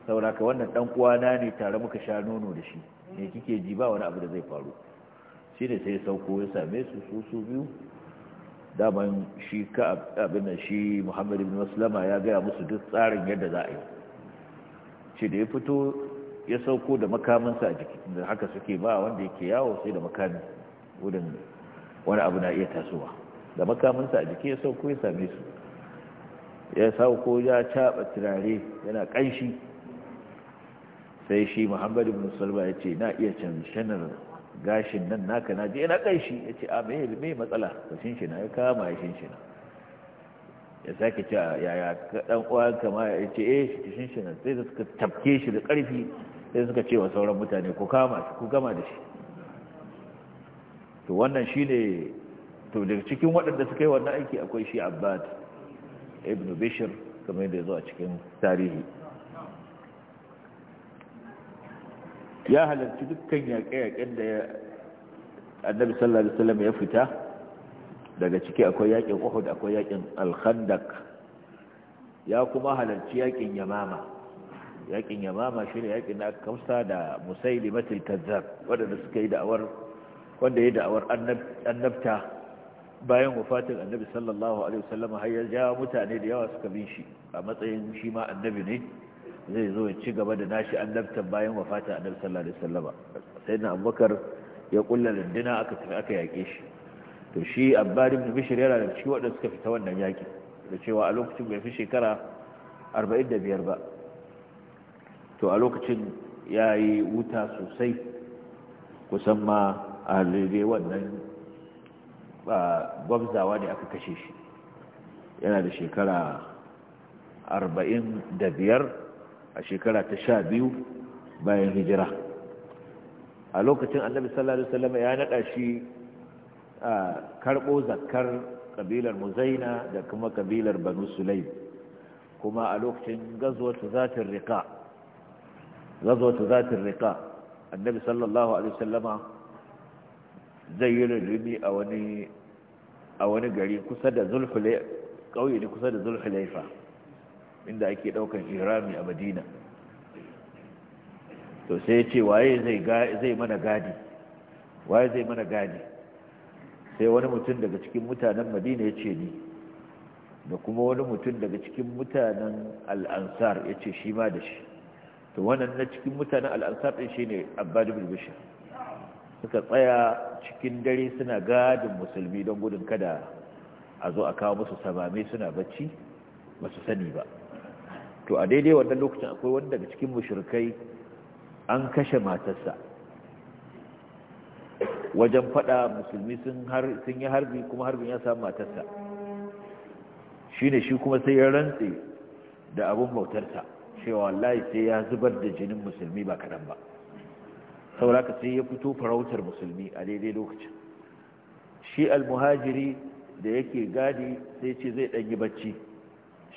sauraka wannan ɗan uwana ne tare muka sha nono da shi ne kike ji ba wani abu da zai faru shi ne sai sauko ya same su su su biyu daman shi ka abin shi Muhammadu bin maslama ya gaya musu duk tsarin yadda za a yi ce da ya fito ya sauko da makamansa a jiki da haka suke ba wanda yake yawo sai da makami wurin wani abu na iya tasowa da makamansa a jiki ya sauko ya same su ya sauko ya caɓa turare yana ƙanshi sai shi Muhammadu bin maslama ya ce na iya canshanar gashin nan naka na je na kai shi ya ce a mai matsala ka shinshina ya kama ya shinshina ya sake ce yaya kaɗan uwan kama ya ce eh shi shinshina sai da suka tafke shi da ƙarfi sai suka ce wa sauran mutane ku kama shi ku gama da shi to wannan shi to daga cikin waɗanda suka yi wannan aiki akwai shi abbad ibn bishir kamar yadda ya zo a cikin tarihi ya halarci dukkan yaƙe-yaƙen da annabi sallallahu alaihi wasallam ya fita daga ciki akwai yaƙin Uhud akwai yaƙin Al-Khandaq ya kuma halarci yaƙin Yamama yaƙin Yamama shine yaƙin na aka kamsa da Musailimatul Kazzab wanda suka yi da'awar wanda ya da'awar annabta bayan wafatin annabi sallallahu alaihi wasallam har ya ja mutane da yawa suka bin shi a matsayin shi ma annabi ne zai zo ya ci gaba da nashi annabtan bayan wafata annabi sallallahu alaihi wasallama sai na abubakar ya kulla lindina aka tafi aka yaƙe shi to shi abbar ibn bishr yana da ciki waɗanda suka fita wannan yaƙi da cewa a lokacin bai fi shekara 45 ba to a lokacin ya yi wuta sosai kusan ma a halire wannan gwamzawa ne aka kashe shi yana da shekara arba'in da biyar a shekara ta sha biyu bayan hijira a lokacin annabi sallallahu alaihi wasallam ya nada shi a karbo zakkar kabilar muzaina da kuma kabilar banu sulaim kuma a lokacin gazwatu zatir riqa gazwatu zatir riqa annabi sallallahu alaihi wasallama zai yi rurumi a wani a wani gari kusa da zulhulai kauye ne kusa da zulhulaifa inda ake daukan irami a madina to sai ce waye zai mana gadi waye zai mana gadi sai wani mutum daga cikin mutanen madina ya ce ni da kuma wani mutum daga cikin mutanen al'ansar ya ce shi ma da shi to wannan na cikin mutanen al'ansar ɗin shi ne abbajibul bishir suka tsaya cikin dare suna gadin musulmi don gudun kada a zo a kawo musu samami suna bacci ba su sani ba to a daidai wannan lokacin akwai wanda daga cikin mushrikai an kashe matarsa wajen fada musulmi sun yi harbi kuma harbin ya samu matarsa shine shi kuma sai ya rantse da abun bautarsa cewa wallahi sai ya zubar da jinin musulmi ba kaɗan ba sauraka sai ya fito farautar musulmi a daidai lokacin shi almuhajiri da yake gadi sai ce zai ɗanyi bacci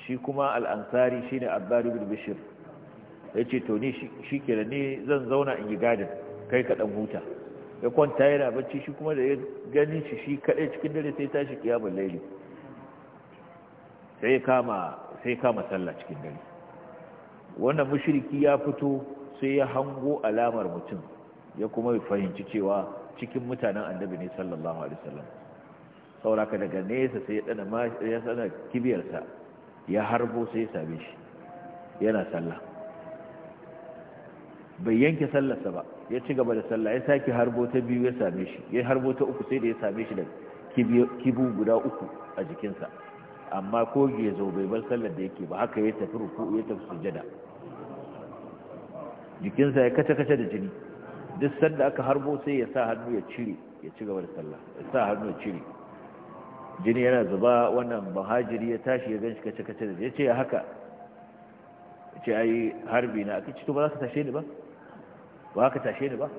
shi kuma al'ansari shi ne abbari bin bishir ya ce to ni shi kira ne zan zauna in yi gadin kai kaɗan huta ya kwanta yana bacci shi kuma da ya gani shi shi kaɗai cikin dare sai tashi kiyamun laili sai kama kama sallah cikin dare wannan mashiriki ya fito sai ya hango alamar mutum ya kuma fahimci cewa cikin mutanen annabi ne sallallahu alaihi wasallam sauraka daga nesa sai ya tsana kibiyarsa ya harbo sai ya same shi yana sallah bai yanke sallarsa ba ya ci gaba da sallah ya sake harbo ta biyu ya same shi ya harbo ta uku sai da ya same shi da kibu guda uku a jikinsa amma ko zo bai bar sallar da yake ba haka ya tafi ruku ya tafi sujada jikinsa ya kace-kace da jini duk sanda aka harbo sai ya sa hannu ya cire ya ci gaba da sallah ya sa hannu ya cire jini yana zuba wannan bahajiri ya tashi ya gan kace kace da yace ce ya haka ya ce ai harbi na aka ci to ba za ka tashe ni ba ba ka tashe ni ba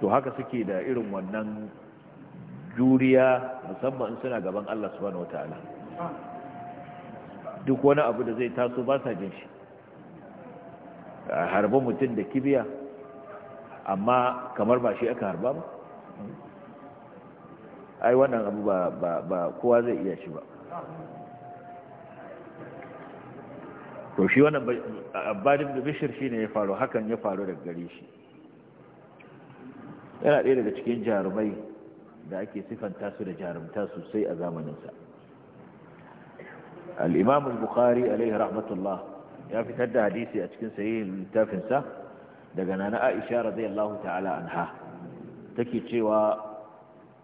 to haka suke da irin wannan juriya musamman in suna gaban Allah subhanahu wataala duk wani abu da zai taso ba sa jin shi harba mutum da kibiya amma kamar ba shi aka harba ba ai wannan abu ba kowa zai iya shi ba to shi wannan abadin da bishir shi ne ya faru hakan ya faru daga gare shi yana ɗaya daga cikin jarumai da ake sifanta su da jarumta sosai a zamaninsa al'imam al-bukhari alaihi rahmatullah ya fitar da hadisi a cikin sayin littafinsa daga nana aisha radiyallahu ta'ala anha take cewa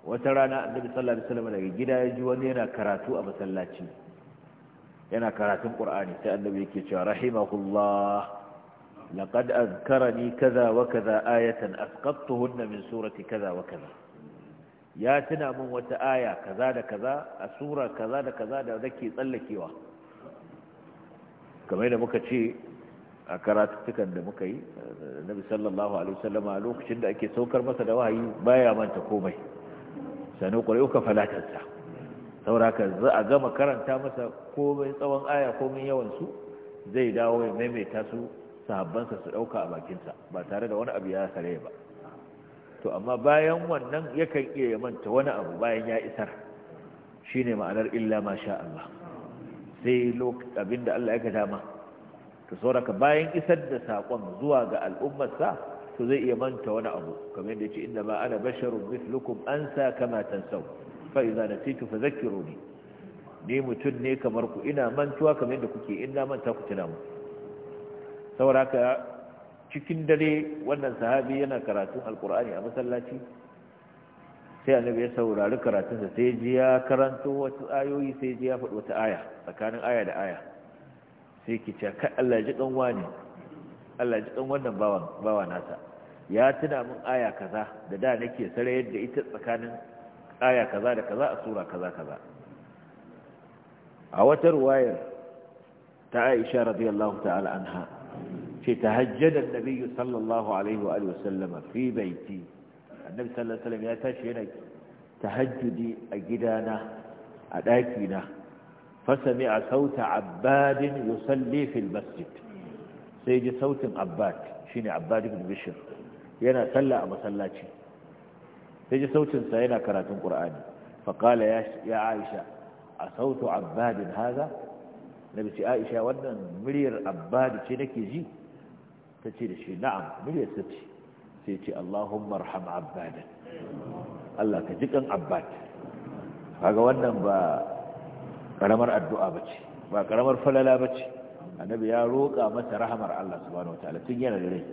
wata rana annabi sallallahu alaihi wasallam daga gida ya ji wani yana karatu a masallaci yana karatun qur'ani sai annabi yake cewa rahimahullah laqad azkarani kaza wa kaza ayatan asqattuhunna min surati kaza wa kaza ya tuna min wata aya kaza da kaza a sura kaza da kaza da nake tsallakewa kamar da muka ce a karatuttukan da muka yi nabi sallallahu alaihi a lokacin da ake saukar masa da wahayi baya manta komai sanu ƙuri'uka falatarsa sauraka za a gama karanta masa komai tsawon aya komai yawansu zai dawo ya maimaita su sahabbansa su ɗauka a bakinsa ba tare da wani abu ya sare ba to amma bayan wannan yakan iya ya manta wani abu bayan ya isar shine ma'anar illa ma sha Allah sai da Allah ya ga dama to sauraka bayan isar da saƙon zuwa ga al'ummarsa to zai iya manta wani abu kamar yadda yake inda ma ana basharun mislukum ansa kama tansau fa idza nasitu fadhakkiruni ni mutun ne kamar ku ina mantuwa kamar yadda kuke ina manta ku tuna mu saboda cikin dare wannan sahabi yana karatun alqur'ani a masallaci sai annabi ya saurari sa sai ji ya karanto wasu ayoyi sai ji ya faɗi wata aya tsakanin aya da aya sai ki ce ka Allah ji dan wani Allah ji dan wannan bawan bawa nasa ya tuna min aya kaza da da nake sare yadda ita tsakanin aya kaza da kaza a sura kaza kaza a wata ruwayar ta aisha radiyallahu ta'ala anha ce tahajjada annabiyyu sallallahu alaihi wa alihi wasallama fi baiti annabi sallallahu alaihi wasallam ya tashi yana tahajjudi a gidana a daki na fasami'a sauta abbadin yusalli fil masjid sai ji sautin abbad shine abbad ibn bishr yana sallah a masallaci sai ji sautinsa yana karatun ƙur'ani faƙala ya aisha a sautu abadin haza na bici aisha wannan miliyar abadi ce nake ji ta ce da shi na'am miliyar ta ce sai ce allahumma marham abbadan allah ka jikan abbad kaga wannan ba karamar addu'a ba ce ba karamar falala ba ce annabi ya roƙa masa rahamar allah subhanahu wataala tun yana da rai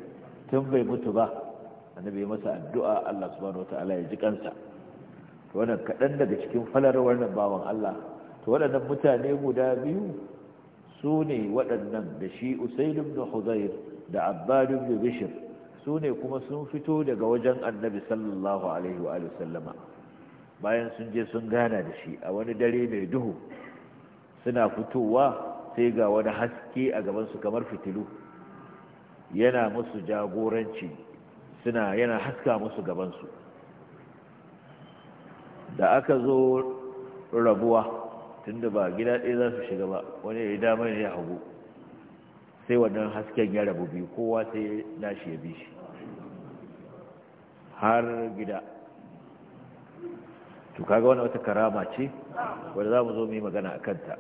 tun bai mutu ba annabi bai masa addu'a Allah subhanahu wataala ya ji kansa to wannan kadan daga cikin falar wannan bawan Allah to waɗannan mutane guda biyu su ne waɗannan da shi Usaid ibn Huzair da Abbad ibn Bishr su ne kuma sun fito daga wajen annabi sallallahu alaihi wa sallama bayan sun je sun gana da shi a wani dare mai duhu suna fitowa sai ga wani haske a gabansu kamar fitilu yana musu jagoranci suna yana haska musu gabansu da aka zo rabuwa tunda ba gida ɗaya za su shiga ba wani ya yi damar ya hagu sai wannan hasken ya rabu biyu kowa sai shi ya bi shi har gida to kaga wani wata karama ce wadda za mu zo mai magana a kanta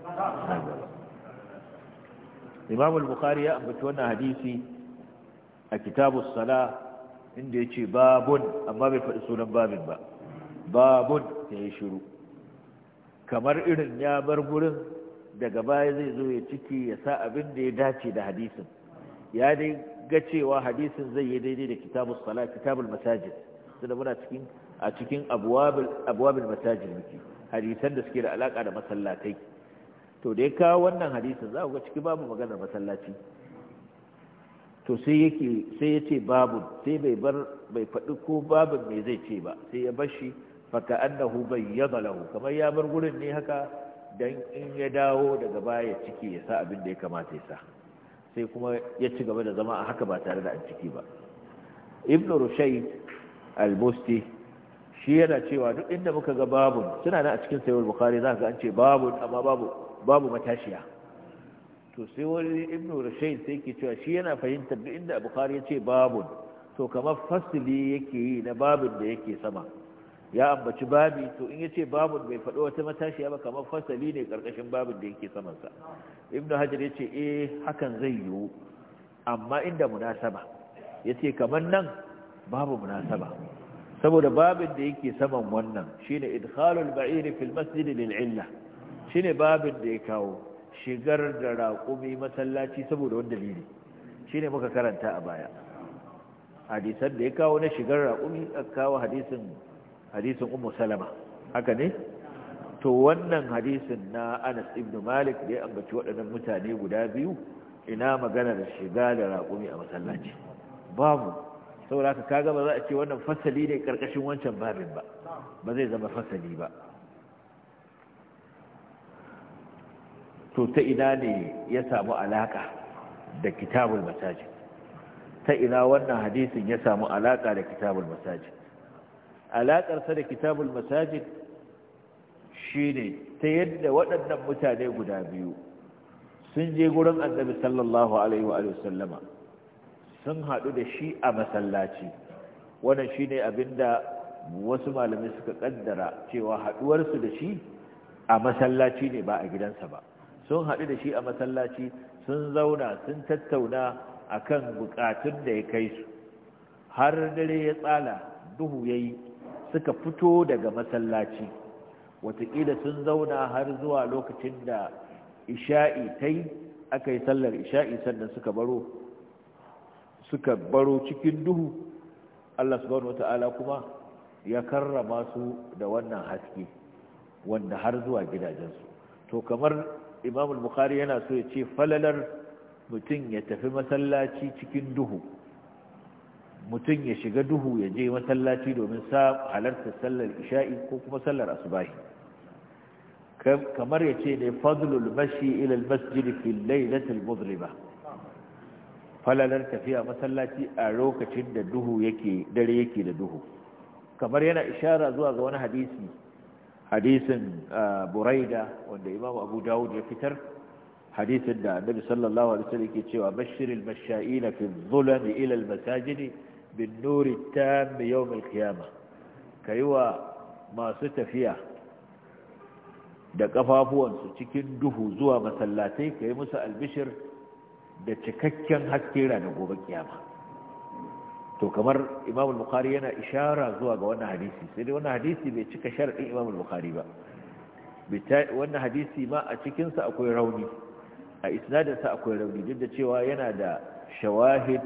imamul bukari bukhari ya ambaci wannan hadisi a kitabu sala inda ya ce babun amma bai faɗi sunan babin ba babun ya yi shiru kamar irin ya bar gurin daga baya zai zo ya ciki ya sa abin da ya dace da hadisin ya dai ga cewa hadisin zai yi daidai da kitabus sala kitabul masajid tunda muna cikin a cikin abwabil masajid miki hadisan da suke da alaka da masallatai to da ya kawo wannan hadisin za ku ga ciki babu maganar masallaci to sai yake sai ya ce babu sai bai bar bai faɗi ko babu me zai ce ba sai ya bar shi faka annahu bayyana lahu kamar ya bar gurin ne haka dan in ya dawo daga baya ciki ya sa abin da ya kamata ya sa sai kuma ya ci gaba da zama a haka ba tare da an ciki ba ibn rushayd al-busti shi yana cewa duk inda muka ga babun suna nan a cikin sayyid bukhari za ka ga an ce babun amma babu babu matashiya to sai wani ibn rashid sai ke cewa shi yana fahimtar duk inda bukhari ya ce babun to kamar fasili yake yi na babin da yake sama ya ambaci babi to in ya ce babun bai faɗo wata matashiya ba kamar fasali ne ƙarƙashin babin da yake samansa ibn hajar ya ce eh hakan zai yiwu amma inda munasaba ya ce kamar nan babu munasaba saboda babin da yake saman wannan shine idkhalul ba'iri fil masjid lil illa shine babin da ya kawo shigar da raƙumi masallaci saboda wani dalili shi ne muka karanta a baya hadisan da ya kawo na shigar raƙumi a kawo hadisan umar salama haka ne to wannan hadisin na anas ibn malik da ya ambaci waɗannan mutane guda biyu ina maganar shiga da raƙumi a masallaci babu saboda ka kaga ba za a ce wannan fasali ne karkashin wancan babin ba ba zai zama fasali ba to ta ina ne ya samu alaƙa da kitabul masajid ta ina wannan hadisin ya samu alaƙa da kitabul masajid Alaƙarsa da kitabul masajid shine ta yadda waɗannan mutane guda biyu sun je gurin annabi sallallahu alaihi wa sallama sun haɗu da shi a masallaci wannan shine abinda wasu malamai suka ƙaddara cewa haɗuwarsu da shi a masallaci ne ba a gidansa ba sun haɗu da shi a masallaci sun zauna sun tattauna a kan bukatun da ya kai su har dare ya tsala duhu ya yi suka fito daga masallaci watakila sun zauna har zuwa lokacin da isha'i ta yi aka yi sallar isha'i sannan suka baro suka baro cikin duhu Allah subhanahu wata'ala kuma ya karrama su da wannan haske wanda har zuwa gidajensu to kamar imam bukhari yana so ya ce falalar mutum ya tafi masallaci cikin duhu mutum ya shiga duhu ya je masallaci domin sa halarta sallar isha'i ko kuma sallar asubahi kamar ya ce ne fadlul mashi ila masjid fi lailatul lailati falalar tafiya masallaci a lokacin da duhu yake dare yake da duhu kamar yana ishara zuwa ga wani hadisi hadisin uh, buraida wanda imam abu dawud ya fitar hadisin da annabi sallallahu alaihi wasallam yake cewa bashiril masha'ina fi dhulami ila al masajidi bin nuri tam yawm al qiyamah kaiwa masu tafiya da kafafuwansu cikin duhu zuwa masallatai kai musu albishir da cikakken haske ranar gobe kiyama to kamar imam al-bukhari yana ishara zuwa ga wannan hadisi sai dai wannan hadisi bai cika sharadin imam al-bukhari ba wannan hadisi ma a cikinsa akwai rauni a isnadin sa akwai rauni duk da cewa yana da shawahid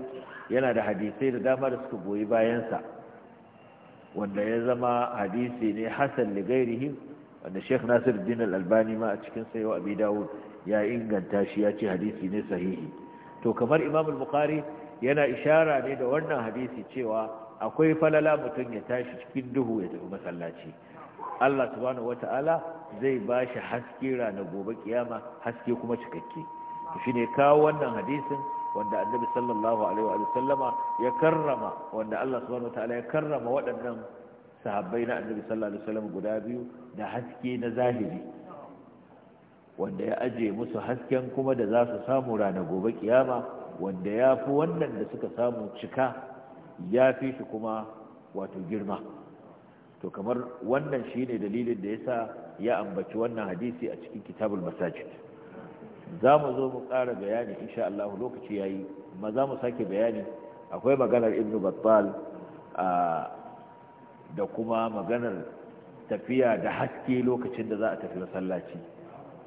yana da hadisai da dama da suka goyi bayan sa wanda ya zama hadisi ne hasan li ghairihi wanda Sheikh din Al-Albani ma a cikin sa yau Abi Dawud ya inganta shi ya ce hadisi ne sahihi to kamar imam al-bukhari yana ishara ne da wannan hadisi cewa akwai falala mutum ya tashi cikin duhu ya tafi masallaci Allah subhanahu wata'ala zai ba shi haske ranar gobe kiyama haske kuma cikakke shine ne kawo wannan hadisin wanda annabi sallallahu alaihi wa sallama ya karrama wanda Allah subhanahu wata'ala ya karrama waɗannan sahabbai na annabi sallallahu alaihi wa sallam guda biyu da haske na zahiri wanda ya aje musu hasken kuma da za su samu ranar gobe kiyama wanda ya fi wannan da suka samu cika ya fi shi kuma wato girma to kamar wannan shi ne dalilin da ya sa ya ambaci wannan hadisi a cikin kitabul masajid za mu zo mu ƙara bayani insha Allah lokaci yayi ma za mu sake bayani akwai maganar ibnu battal da kuma maganar tafiya da haske lokacin da za a tafi masallaci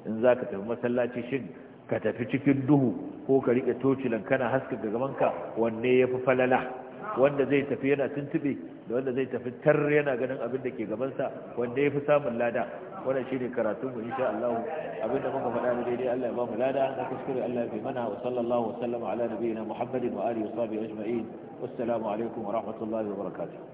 in za ka tafi masallaci shin ka tafi cikin duhu ko ka riƙe tocilan kana haska gabanka wanne ya fi falala wanda zai tafi yana tuntube da wanda zai tafi tar yana ganin abin da ke gabansa wanda ya fi samun lada wannan shi ne mu insha Allah abin da muka faɗa daidai Allah ya ba mu lada na kuskure Allah ya fi mana wa sallallahu wa sallama ala nabiyina Muhammadin wa alihi wa sahbihi ajma'in wassalamu alaikum wa rahmatullahi wa barakatuh